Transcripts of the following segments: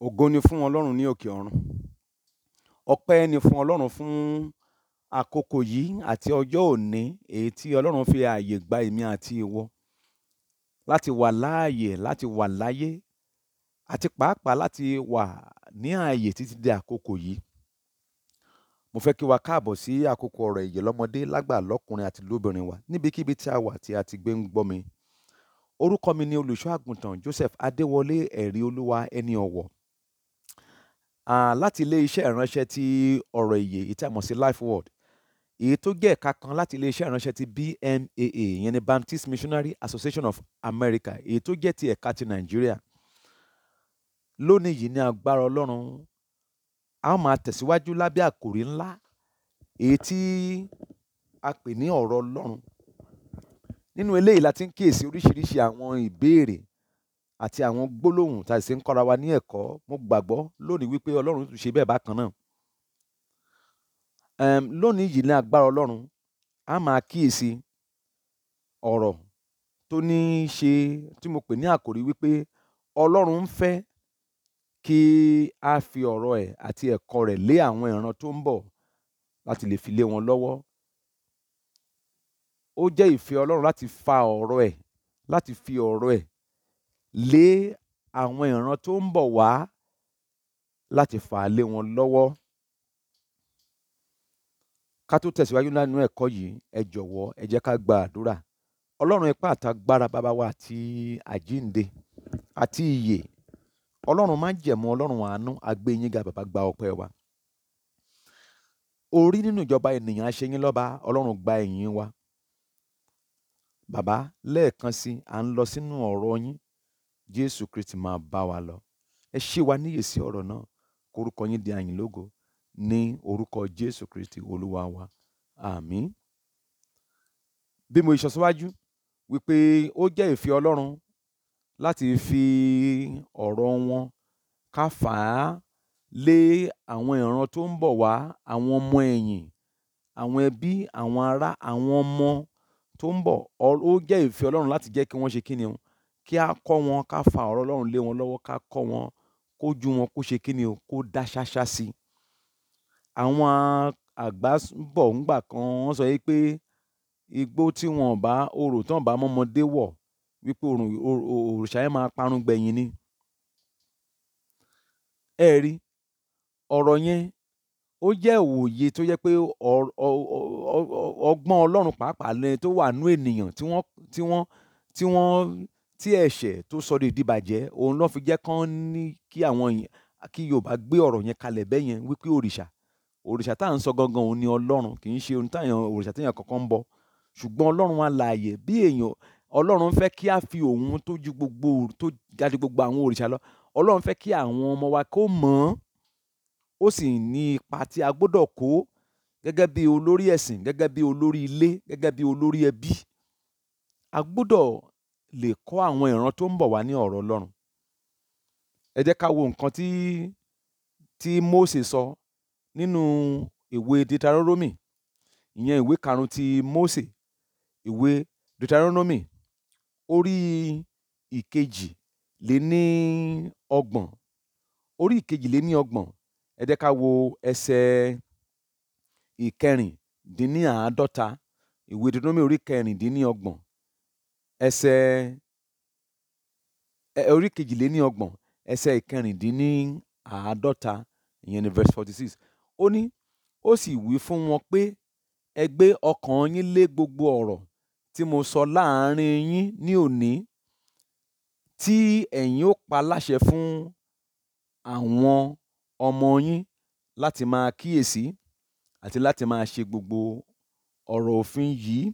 ògo ni fún ọlọ́run ní òkè ọ̀run ọpẹ́ ni fún ọlọ́run fún àkókò yìí àti ọjọ́ òní èyí tí ọlọ́run fi ààyè gba èmi àti ìwọ láti wà láàyè láti wà láyé àti pàápàá láti wà ní ààyè títí di àkókò yìí mo fẹ́ kí wa káàbọ̀ sí àkókò ọ̀rọ̀ ìyè lọ́mọdé lágbà lọ́kùnrin àti lóbìnrin wa níbikíbi tí a wà tí a ti gbé ń gbọ́ mi orúkọ mi ni olùṣọ́ àgùntàn Joseph Adéwọlé ẹ̀rí olúwa ẹni ọ̀wọ̀ láti ilé-iṣẹ́ ìránṣẹ́ ti ọ̀rọ̀ ìyè èyí tí a mọ̀ sí life word èyí tó jẹ́ ẹ̀ka kan láti ilé-iṣẹ́ ìránṣẹ́ ti BMAA ìyẹn ni Baptist Missionary Association of America èyí tó jẹ́ ti ẹ̀ka ti Nàìjíríà lónìí yìí ní agbára Ọlọ́run a máa tẹ̀síwájú lábẹ́ àkòrí ńlá èyí tí a pè ní ọ̀rọ̀ Ọlọ́run nínú eléyìí la ti ń kíyèsí oríṣiríṣi àwọn ìbéèrè àti àwọn gbólóhùn tá a sì ń kọ́ra wa ní ẹ̀kọ́ mo gbàgbọ́ lónìí wípé ọlọ́run tún ṣe bẹ́ẹ̀ bákan náà um, lónìí yìí ní agbára ọlọ́run a máa kíyèsí ọ̀rọ̀ tó ní í ṣe tí mo pè ní àkòrí wípé ọlọ́run ń fẹ́ kí a fi ọ̀rọ̀ ẹ̀ àti ẹ̀kọ́ rẹ̀ lé àwọn ìran tó ń bọ̀ láti lè fi lé wọn lọ́wọ́ ó jẹ́ ìfẹ́ ọlọ́run láti fa ọ̀rọ̀ ẹ̀ láti fi ọ̀rọ̀ ẹ̀ lé àwọn ìran tó ń bọ̀ wá láti fà á lé wọn lọ́wọ́ ká tó tẹ̀síwájú nínú ẹ̀kọ́ yìí ẹ jọ̀wọ́ ẹ jẹ́ ká gba àdúrà ọlọ́run ipá àtagbára bàbá wa àti àjínde àti ìyè ọlọ́run má jẹ̀mú ọlọ́run àánú agbẹ́yìnga bàbá gba ọpẹ́ wa orí nínú ìjọba ènìyàn aṣẹ́yìn lọ́ba ọlọ́run gba ẹ̀yìn wa bàbá lẹ́ẹ̀kan sí à ń lọ sínú ọ̀rọ̀ yín jésù kristi máa bá wa lọ ẹ ṣe wa níyè sí ọ̀rọ̀ náà kórúkọ yín di àyìn lógo ní orúkọ jésù kristi olúwa wa àmín bí mo ìṣọsíwájú wípé ó jẹ́ ìfẹ́ ọlọ́run láti fi ọ̀rọ̀ wọn ká fà á lé àwọn ìran tó ń bọ̀ wá àwọn ọmọ ẹ̀yìn àwọn ẹbí àwọn ará àwọn ọmọ tó ń bọ̀ ó jẹ́ ìfẹ́ ọlọ́run láti jẹ́ kí wọ́n ṣe kí ni o kí a kọ́ wọn ká fa ọ̀rọ̀ Ọlọ́run lé wọn lọ́wọ́ ká kọ́ wọn kójú wọn kó ṣe kíni o kó dá ṣáṣá sí i. Àwọn àgbà bọ̀ ńgbà kan wọ́n sọ wí pé igbó tí wọn bá orò tí wọn bá mọ́mọdé wọ̀ wípé òrìṣà yẹn máa parun gbẹ̀yìn ni. Ẹ ẹ̀ rí ọ̀rọ̀ yẹn ó jẹ́ òye tó jẹ́ pé ọgbọ́n Ọlọ́run pàápàá lẹ́ni tó wà nínú ènìyàn tí wọ́n tí wọ́n tí wọ́n tí ẹ̀ṣẹ̀ tó sọ di ìdíbàjẹ́ òun náà fi jẹ́ kán ní kí àwọn kí yorùbá gbé ọ̀rọ̀ yẹn kalẹ̀ bẹ́ẹ̀ yẹn wípé òrìṣà òrìṣà tá à ń sọ gangan òun ni ọlọ́run kì í ṣe ohun táyàn òrìṣà téèyàn kankan ń bọ ṣùgbọ́n ọlọ́run alààyè bí èèyàn ọlọ́run fẹ́ kí a fi òun tó ju gbogbo tó ga ju gbogbo àwọn òrìṣà lọ ọlọ́run fẹ́ kí àwọn ọmọ wa kó mọ̀ ọ́n ó sì ní ipa tí a gbọ́dọ̀ kó gẹ́gẹ́ bí olórí ẹ̀sìn gẹ́gẹ́ bí olórí ilé gẹ́gẹ́ bí olórí ẹbí a gbọ́dọ̀ lè kọ́ àwọn ìran tó ń bọ̀ wá ní ọ̀rọ̀ Ọlọ́run ẹ jẹ́ ká wo nǹkan tí tí Mósè sọ nínú ìwé Deuteronomy ìyẹn ìwé karùn-ún ti Mósè ìwé Deuteronomy orí ìkejì lé ní ọgbọ̀n orí ìkejì lé ní ọgbọ̀n ẹ jẹ́ ká wo ẹsẹ̀ ìkẹrìndínláàádọ́ta ìwé Deuteronomy orí kẹrìndínlọ́gbọ̀n ẹsẹ̀ orí kejìléníọgbọ̀n ẹsẹ̀ ìkẹrìndínláàádọ́ta ìyẹn ní verse forty six ó ní ó sì wí fún wọn pé ẹ gbé ọkàn yín lé gbogbo ọ̀rọ̀ tí mo sọ láàárín yín ní òní tí ẹ̀yin ó pa láṣẹ fún àwọn ọmọ yín láti máa kíyèsí àti láti máa ṣe gbogbo ọ̀rọ̀ òfin yìí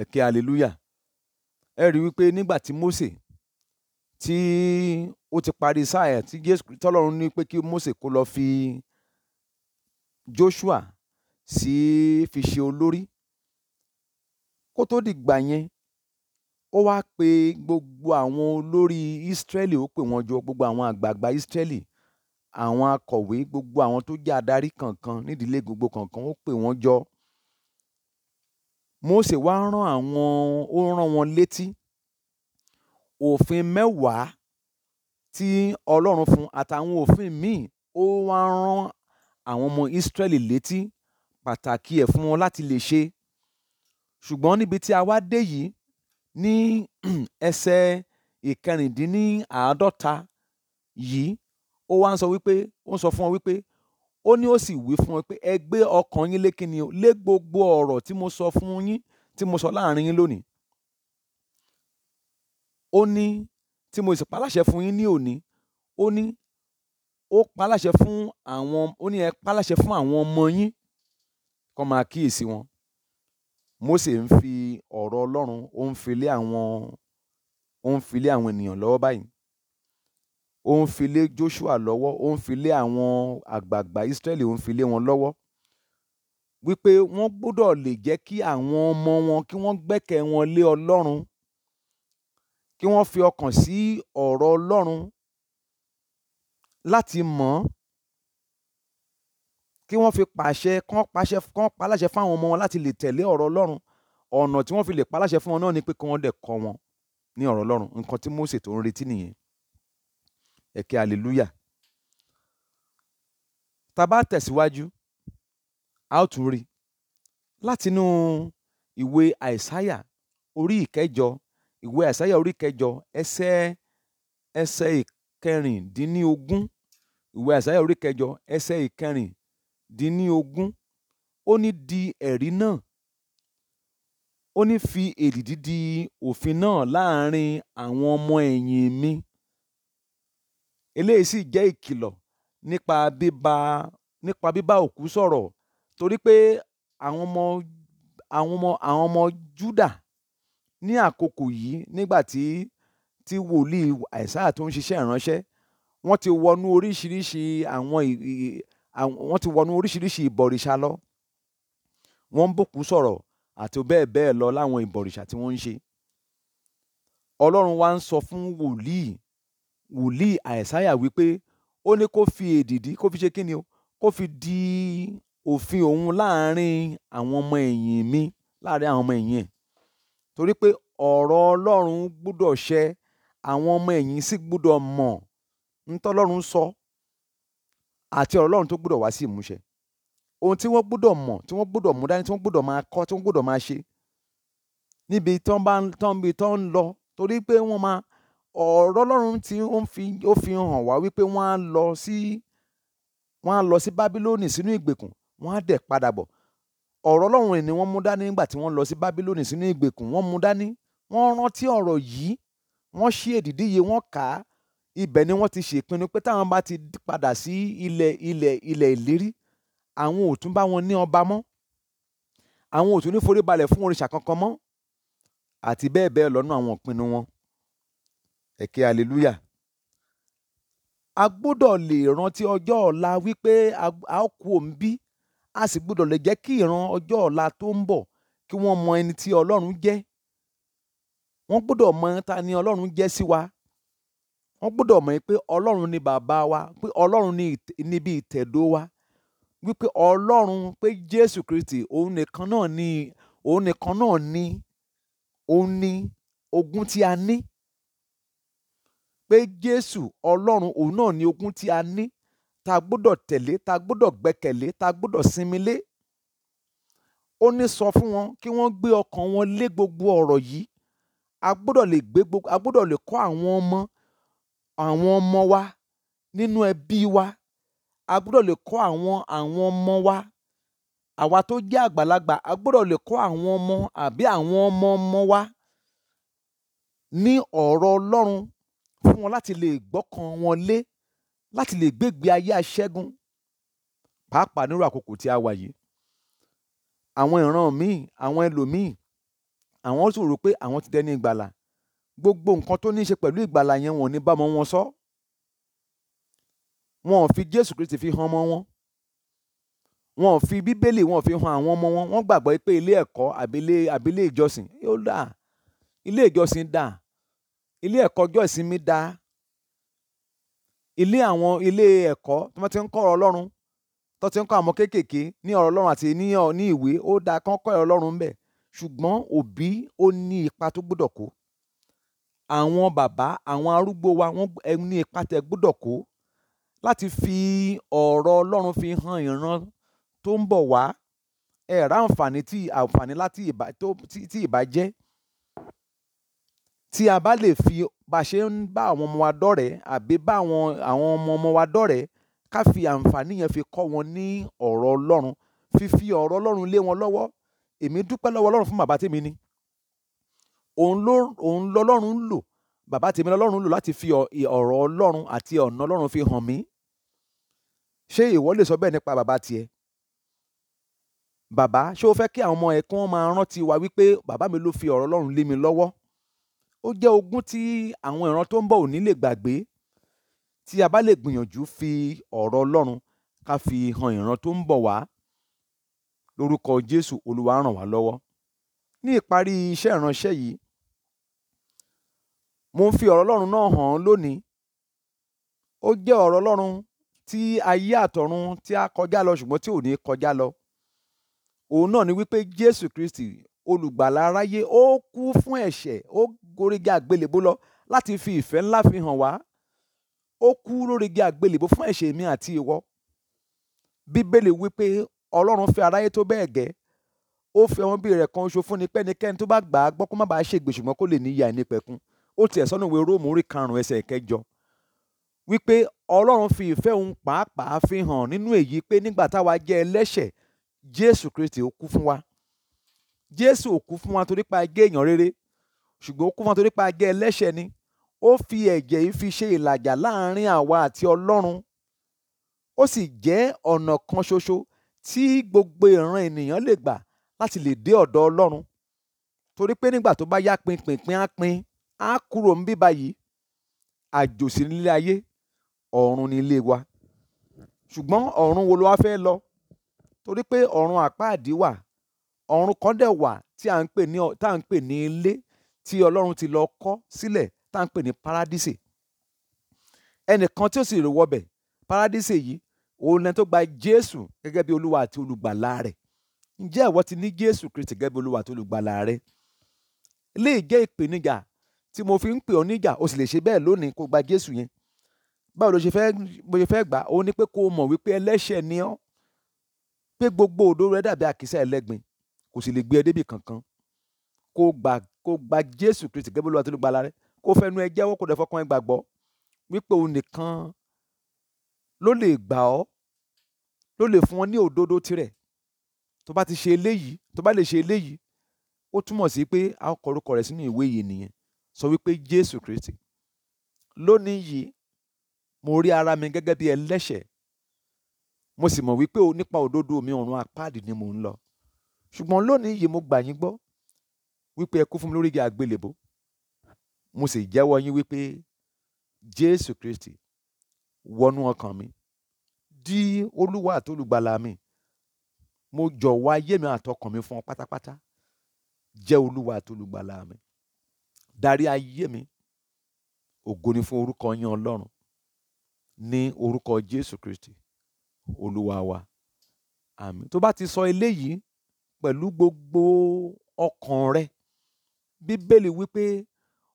ẹ̀kẹ́ hallelujah ẹ rí i wípé nígbà tí Mósè tí ó ti parí sáà ẹ̀ tí Jésù tọ́lọ́run ní pé kí Mósè kó lọ fi Joshua sí fi ṣe olórí kó tó dìgbà yẹn ó wá pe gbogbo àwọn olórí Ísírẹ́lì ó pè wọ́n jọ gbogbo àwọn àgbààgbà Ísírẹ́lì àwọn akọ̀wé gbogbo àwọn tó jẹ́ adarí kankan nídìílé gbogbo kankan ó pè wọ́n jọ Mósè wá rán àwọn ó rán wọn létí òfin mẹ́wàá tí Ọlọ́run fún àtàwọn òfin míì ó wá rán àwọn ọmọ Ísírẹ́lì létí pàtàkì ẹ̀ fún wọn láti lè ṣe ṣùgbọ́n níbi tí a wá dé yìí ní ẹsẹ̀ ìkẹrìndínláàádọ́ta yìí ó wá ń sọ wípé ó ń sọ fún wọn wípé ó ní ó sì wí fún wọn pé ẹ gbé ọkàn yín lé kíni o lé gbogbo ọ̀rọ̀ tí mo sọ fún yín tí mo sọ láàrin yín lónìí ó ní tí mo sì paláṣẹ fún yín ní òní ó ní ó paláṣẹ fún àwọn ó ní ẹ paláṣẹ fún àwọn ọmọ yín kó máa kíyèsí wọn Mósè ń fi ọ̀rọ̀ Ọlọ́run ó ń filé àwọn ó ń filé àwọn ènìyàn lọ́wọ́ báyìí ó ń fi lé Joshua lọ́wọ́ ó ń fi lé àwọn àgbààgbà Ísírẹ́lì ó ń fi lé wọn lọ́wọ́ wípé wọ́n gbọ́dọ̀ lè jẹ́ kí àwọn ọmọ wọn kí wọ́n gbẹ́kẹ̀ wọn lé Ọlọ́run kí wọ́n fi ọkàn sí ọ̀rọ̀ Ọlọ́run láti mọ̀ ọ́n kí wọ́n fi pàṣẹ kán pàṣẹ kán paláṣẹ fáwọn ọmọ wọn láti lè tẹ̀lé ọ̀rọ̀ Ọlọ́run ọ̀nà tí wọ́n fi lè paláṣẹ fún wọn náà ni pé kí wọ́n dẹ̀ kọ́ wọn ní ọ̀rọ̀ Ọlọ́run nǹkan tí Mósè tó ń retí nìyẹn ẹ̀kẹ́ hallelujah tá a bá tẹ̀síwájú a ó tún rí látinú ìwé àìsáyà orí ìkẹjọ ìwé àìsáyà orí ìkẹjọ ẹsẹ ẹsẹ ìkẹrìndínlógún ìwé àìsáyà orí ìkẹjọ ẹsẹ ìkẹrìndínlógún ó ní di ẹ̀rí náà ó ní fi èdìdí di òfin náà láàrin àwọn ọmọ ẹ̀yìn mi eléyìí sì jẹ́ ìkìlọ̀ nípa bíbá nípa bíbá òkú sọ̀rọ̀ torí pé àwọn ọmọ àwọn ọmọ àwọn ọmọ Júdà ní àkókò yìí nígbà tí tí wòlíì Àìsáyà tó ń ṣiṣẹ́ ìránṣẹ́ wọ́n ti wọnú oríṣiríṣi àwọn wọ́n ti wọnú oríṣiríṣi ìbọ̀rìṣà lọ wọ́n ń bòkú sọ̀rọ̀ àti bẹ́ẹ̀ bẹ́ẹ̀ lọ láwọn ìbọ̀rìṣà tí wọ́n ń ṣe Ọlọ́run wá ń sọ fún wòlíì wòlíì àìsáyà wípé ó ní kó fi èdìdí kó fi ṣe kí ni o kó fi di òfin òun láàrin àwọn ọmọ ẹ̀yìn mi láàrin àwọn ọmọ ẹ̀yìn ẹ̀ torí pé ọ̀rọ̀ ọlọ́run gbúdọ̀ ṣẹ àwọn ọmọ ẹ̀yìn sì gbúdọ̀ mọ̀ ntọ́lọ́run sọ àti ọ̀rọ̀ ọlọ́run tó gbúdọ̀ wá sí ìmúṣẹ ohun tí wọ́n gbúdọ̀ mọ̀ tí wọ́n gbúdọ̀ mú dání tí wọ́n gbúdọ̀ máa kọ́ tí wọ́n gbúdọ̀ máa ṣe níbi tán bá tán bí tán lọ torí pé wọ́n máa ọ̀rọ̀ Ọlọ́run tí ó fi ó fi hàn wá wípé wọ́n á lọ sí wọ́n á lọ sí Bábílónì sínú ìgbèkùn wọ́n á dẹ̀ padà bọ̀ ọ̀rọ̀ Ọlọ́run ni wọ́n mú dání nígbà tí wọ́n lọ sí Bábílónì sínú ìgbèkùn wọ́n mú dání wọ́n rántí ọ̀rọ̀ yìí wọ́n ṣí èdìdí yìí wọ́n kà á ibẹ̀ ni wọ́n ti ṣèpinnu pé táwọn bá ti padà sí ilẹ̀ ilẹ̀ ilẹ̀ ìlérí àwọn ò tún bá wọn ní ọba mọ́ àwọn ò tún ní foríbalẹ̀ fún òrìṣà kankan mọ́ àti bẹ́ẹ̀ bẹ́ẹ̀ lọ́nà àwọn ìpinnu wọn ẹ ké hallelujah a gbọ́dọ̀ lè rántí ọjọ́ ọ̀la wípé a ó kú òun bí a sì gbọ́dọ̀ lè jẹ́ kí ìran ọjọ́ ọ̀la tó ń bọ̀ kí wọ́n mọ ẹni tí Ọlọ́run jẹ́ wọ́n gbọ́dọ̀ mọ ta ni Ọlọ́run jẹ́ sí wa wọ́n gbọ́dọ̀ mọ̀ pé Ọlọ́run ni bàbá wa pé Ọlọ́run ni ibi ìtẹ̀dó wa wípé Ọlọ́run pé Jésù Kristi òun nìkan náà ni òun nìkan náà ni òun ni ogún tí a ní pé jésù ọlọ́run òun náà ni ogún tí a ní ta gbọ́dọ̀ tẹ̀lé ta gbọ́dọ̀ gbẹ́kẹ̀lé ta gbọ́dọ̀ sinmi lé ó ní sọ fún wọn kí wọ́n gbé ọkàn wọn lé gbogbo ọ̀rọ̀ yìí a gbọ́dọ̀ lè gbé gbogbo a gbọ́dọ̀ lè kọ́ àwọn ọmọ àwọn ọmọ wa nínú ẹbí wa a gbọ́dọ̀ lè kọ́ àwọn àwọn ọmọ wa àwa tó jẹ́ àgbàlagbà a gbọ́dọ̀ lè kọ́ àwọn ọmọ àbí àwọn ọmọ ọmọ wa ní ọ̀rọ̀ ọlọ́run fún wọn láti lè gbọ́kàn wọn lé láti lè gbégbé ayé aṣẹ́gun pàápàá nírú àkókò tí a wà yìí àwọn ìran míì àwọn ẹlòmíì àwọn sì rò pé àwọn ti dẹni ìgbàlà gbogbo nǹkan tó ní í ṣe pẹ̀lú ìgbàlà yẹn wọn ò ní bá ọmọ wọn sọ wọn ò fi Jésù Kristi fi hàn ọmọ wọn wọn ò fi Bíbélì wọn ò fi hàn àwọn ọmọ wọn wọn gbàgbọ́ pé ilé ẹ̀kọ́ àbílé ìjọsìn yóò dáa ilé ìjọsìn dáa ilé ẹ̀kọ́ ọjọ́ ìsinmi da ilé àwọn ilé ẹ̀kọ́ tí wọ́n ti ń kọ́ ọ̀rọ̀ ọlọ́run tó ti ń kọ́ àwọn kéékèèké ní ọ̀rọ̀ ọlọ́run àti ní ní ìwé ó da kán kọ́ ọ̀rọ̀ ọlọ́run ńbẹ̀ ṣùgbọ́n òbí ó ní ipa tó gbọ́dọ̀ kó àwọn bàbá àwọn arúgbó wa wọ́n ní ipa tẹ gbọ́dọ̀ kó láti fi ọ̀rọ̀ ọlọ́run fi hàn ìran tó ń bọ̀ wá ẹ̀rá àǹfààní tí àǹfààní láti ìbá tó tí ìbá jẹ́ tí a bá lè fi bá ṣe ń bá àwọn ọmọ wa dọ́rẹ̀ẹ́ àbí bá àwọn, àwọn ọmọ ọmọ wa dọ́rẹ̀ẹ́, ká fi àǹfààní yẹn fi kọ́ wọn ní ọ̀rọ̀ Ọlọ́run. Fífi ọ̀rọ̀ Ọlọ́run lé wọn lọ́wọ́. Èmi dúpẹ́ lọ́wọ́ Ọlọ́run fún bàbá tí èmi ní. Òun ló, òun lọ́lọ́run ń lò. Bàbá tèmi lọ́lọ́run lò láti fi ọ̀rọ̀ Ọlọ́run àti ọ̀nà Ọlọ́run fi hàn mí. Ṣé ìwọ lè sọ bẹ́ẹ̀ nípa bàbá tìẹ? Bàbá, ṣé o fẹ́ kí àwọn ọmọ ẹ kí wọ́n máa rántí wa wípé bàbá mi ló fi ọ̀rọ̀ Ọlọ́run lé mi lọ́wọ́? ó jẹ́ ogún tí àwọn ìran tó ń bọ̀ ò ní lè gbàgbé tí a bá lè gbìyànjú fi ọ̀rọ̀ ọlọ́run ká fi han ìran tó ń bọ̀ wá lórúkọ jésù olúwa ràn wá lọ́wọ́ ní ìparí iṣẹ́ ìránṣẹ́ yìí mo ń fi ọ̀rọ̀ ọlọ́run náà hàn lónìí ó jẹ́ ọ̀rọ̀ ọlọ́run tí ayé àtọ̀run tí a kọjá lọ ṣùgbọ́n tí ò ní kọjá lọ òun náà ni wípé jésù kristi olùgbàlà aráyé ó kú fún ẹ̀ṣẹ̀ ó gòrègé àgbélébó lọ láti fi ìfẹ́ ńlá fi hàn wá ó kú lórègé àgbélébó fún ẹ̀ṣẹ̀ mi àti ìwọ bíbélì wípé ọlọ́run fẹ́ aráyé tó bẹ́ẹ̀ gẹ́ ó fẹ́ ọmọ bíi rẹ̀ kan ṣo fún ni pẹ́nikẹ́ni tó bá gbà á gbọ́ kó má bàa ṣègbè ṣùgbọ́n kó lè níyà nípẹ̀kun ó tiẹ̀ sọ́nà ìwé róòmù orí karùn-ún ẹsẹ̀ kẹjọ wípé ọlọ́run fi ìfẹ́ òun pàápàá fi hàn nínú èyí pé nígbà táwa jẹ́ ẹlẹ́ṣẹ̀ jésù kristi ó kú fún wa jésù ò kú fún wa torí pa èèyàn rere ṣùgbọ́n ó kú fún torípa jẹ́ ẹlẹ́ṣẹ̀ ni ó fi ẹ̀jẹ̀ yìí fi ṣe ìlàjà láàrin àwa àti ọlọ́run ó sì jẹ́ ọ̀nà kan ṣoṣo tí gbogbo ìran ènìyàn lè gbà láti lè dé ọ̀dọ̀ ọlọ́run torí pé nígbà tó bá yá pinpinpin á pin á kúrò ń bíbá yìí àjòsí nílé ayé ọ̀run ní ilé wa ṣùgbọ́n ọ̀run wo ló wá fẹ́ lọ torí pé ọ̀run àpáàdì wà ọ̀run kan dẹ̀ wà tí à ń pè ní ilé tí ọlọ́run ti lọ kọ́ sílẹ̀ tá à ń pè ní paradísè ẹnìkan tí ó sì rè wọbẹ̀ paradísè yìí òun ẹni tó gba jésù gẹ́gẹ́ bí olúwa àti olùgbàlà rẹ̀ ǹjẹ́ ìwọ ti ní jésù kristi gẹ́gẹ́ bí olúwa àti olùgbàlà rẹ̀ lè jẹ́ ìpèníjà tí mo fi ń pè ọ́ níjà o sì lè ṣe bẹ́ẹ̀ lónìí kó gba jésù yẹn báwo ló ṣe fẹ́ bó ṣe fẹ́ gbà ó ní pé kó o mọ̀ wípé ẹlẹ́ṣẹ̀ ni ọ́ pé gbogbo òdo rẹ dàbí àkísà ẹlẹ́gbin kò sì lè gbé ẹ débi kankan kó gbà kó gba jésù kristi gẹ́gẹ́ bí olúwa tó ló gba ara rẹ kó fẹnu ẹ jẹ́wọ́ kó dẹ̀ fọkàn ẹ gbàgbọ́ wípé òun nìkan ló lè gbà ọ́ ló lè fún ọ ní òdodo tirẹ̀ tó bá ti ṣe eléyìí tó bá lè ṣe eléyìí ó túmọ̀ sí pé a kọ orúkọ rẹ sínú ìwé yìí nìyẹn sọ wípé jésù kristi lónìí yìí mo rí ara mi gẹ́gẹ́ bí ẹlẹ́ṣẹ̀ mo sì mọ̀ wípé nípa òdodo mi ọ̀run apáàdì ni mò ń lọ ṣùgbọ́n lónìí yìí mo gbà yín gbọ́ wípé ẹ kú fún mi lórí igi àgbélébó mo sì jẹ́wọ́ yín wípé jésù kristi wọnú ọkàn mi di olúwa àti olùgbàlà mi mo jọ̀wọ́ ayé mi àtọkàn mi fún ọ pátápátá jẹ́ olúwa àti olùgbàlà mi darí ayé mi ògo ni fún orúkọ yín ọlọ́run ní orúkọ jésù kristi olúwa wa àmín tó bá ti sọ eléyìí pẹ̀lú gbogbo ọkàn rẹ bíbélì wípé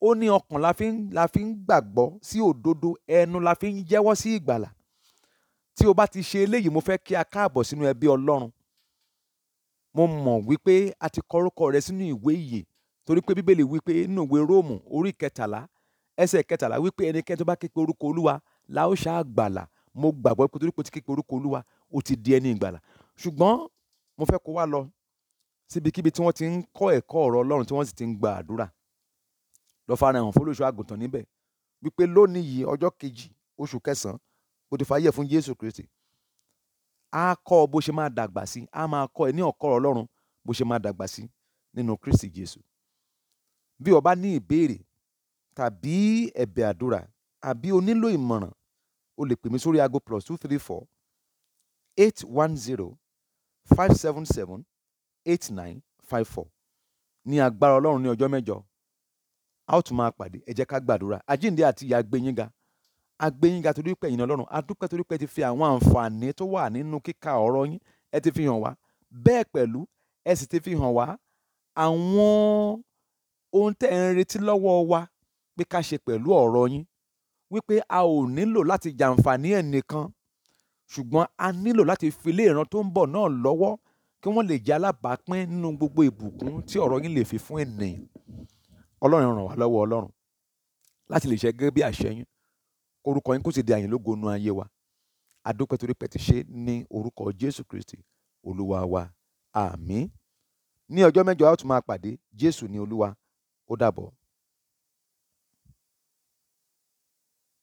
ó ní ọkàn la fi ń la fi ń gbàgbọ́ sí òdodo ẹnu la fi ń jẹ́wọ́ sí ìgbàlà tí o bá ti ṣe eléyìí mo fẹ́ kí a káàbọ̀ sínú ẹbí ọlọ́run mo mọ̀ wípé a ti kọ orúkọ rẹ sínú ìwé ìyè torí pé bíbélì wípé nínú ìwé róòmù orí kẹtàlá ẹsẹ̀ kẹtàlá wípé ẹnikẹ́ni tó bá képe orúkọ olúwa la ó ṣáà gbàlà mo gbàgbọ́ pé torí pé o ti képe orúkọ olúwa o ti di ẹni ìgbàlà ṣùgbọ́n mo fẹ́ kó wá lọ síbikíbi tí wọ́n ti ń kọ́ ẹ̀kọ́ ọ̀rọ̀ ọlọ́run tí wọ́n sì ti ń gba àdúrà lọ farahàn fọlọ́ṣọ́ àgùntàn níbẹ̀ wípé lónìí yìí ọjọ́ kejì oṣù kẹsàn-án o ti fàyè fún Jésù Kristi á kọ́ ọ bó ṣe máa dàgbà sí á máa kọ́ ẹ ní ọ̀kọ́ ọlọ́run bó ṣe máa dàgbà sí nínú Kristi Jésù bí o bá ní ìbéèrè tàbí ẹ̀bẹ̀ àdúrà àbí o ìmọ̀ràn o lè pè mí sórí aago plus two three four eight one zero five seven seven eight nine five four ní agbára ọlọ́run ní ọjọ́ mẹ́jọ a ó tún máa pàdé ẹ jẹ́ ká gbàdúrà àjíǹde àti ìyá gbẹ̀yìnga agbẹ̀yìnga torí pé ìyìn ọlọ́run adúpẹ́ torí pé ẹ ti fi àwọn àǹfààní tó wà nínú kíka ọ̀rọ̀ yín ẹ ti fi hàn wá bẹ́ẹ̀ pẹ̀lú ẹ sì ti fi hàn wá àwọn ohun tẹ́ ẹ ń retí lọ́wọ́ wa pé ká ṣe pẹ̀lú ọ̀rọ̀ yín wípé a ò nílò láti jàǹfààní ẹnìkan ṣùgbọ́n a nílò láti fi ìran tó ń bọ̀ náà lọ́wọ́ kí wọ́n lè jẹ́ alábàápín nínú gbogbo ìbùkún tí ọ̀rọ̀ yín lè fi fún ènìyàn ọlọ́run ràn wá lọ́wọ́ ọlọ́run láti lè ṣe gẹ́gẹ́ bí àṣẹ yín orúkọ yín kò sì di àyìn lógo nu ayé wa adúpẹ́ torí pẹ́ ti ṣe ní orúkọ jésù kristi olúwa wa àmín ní ọjọ́ mẹ́jọ a ó tún máa pàdé jésù ní olúwa ó dàbọ̀.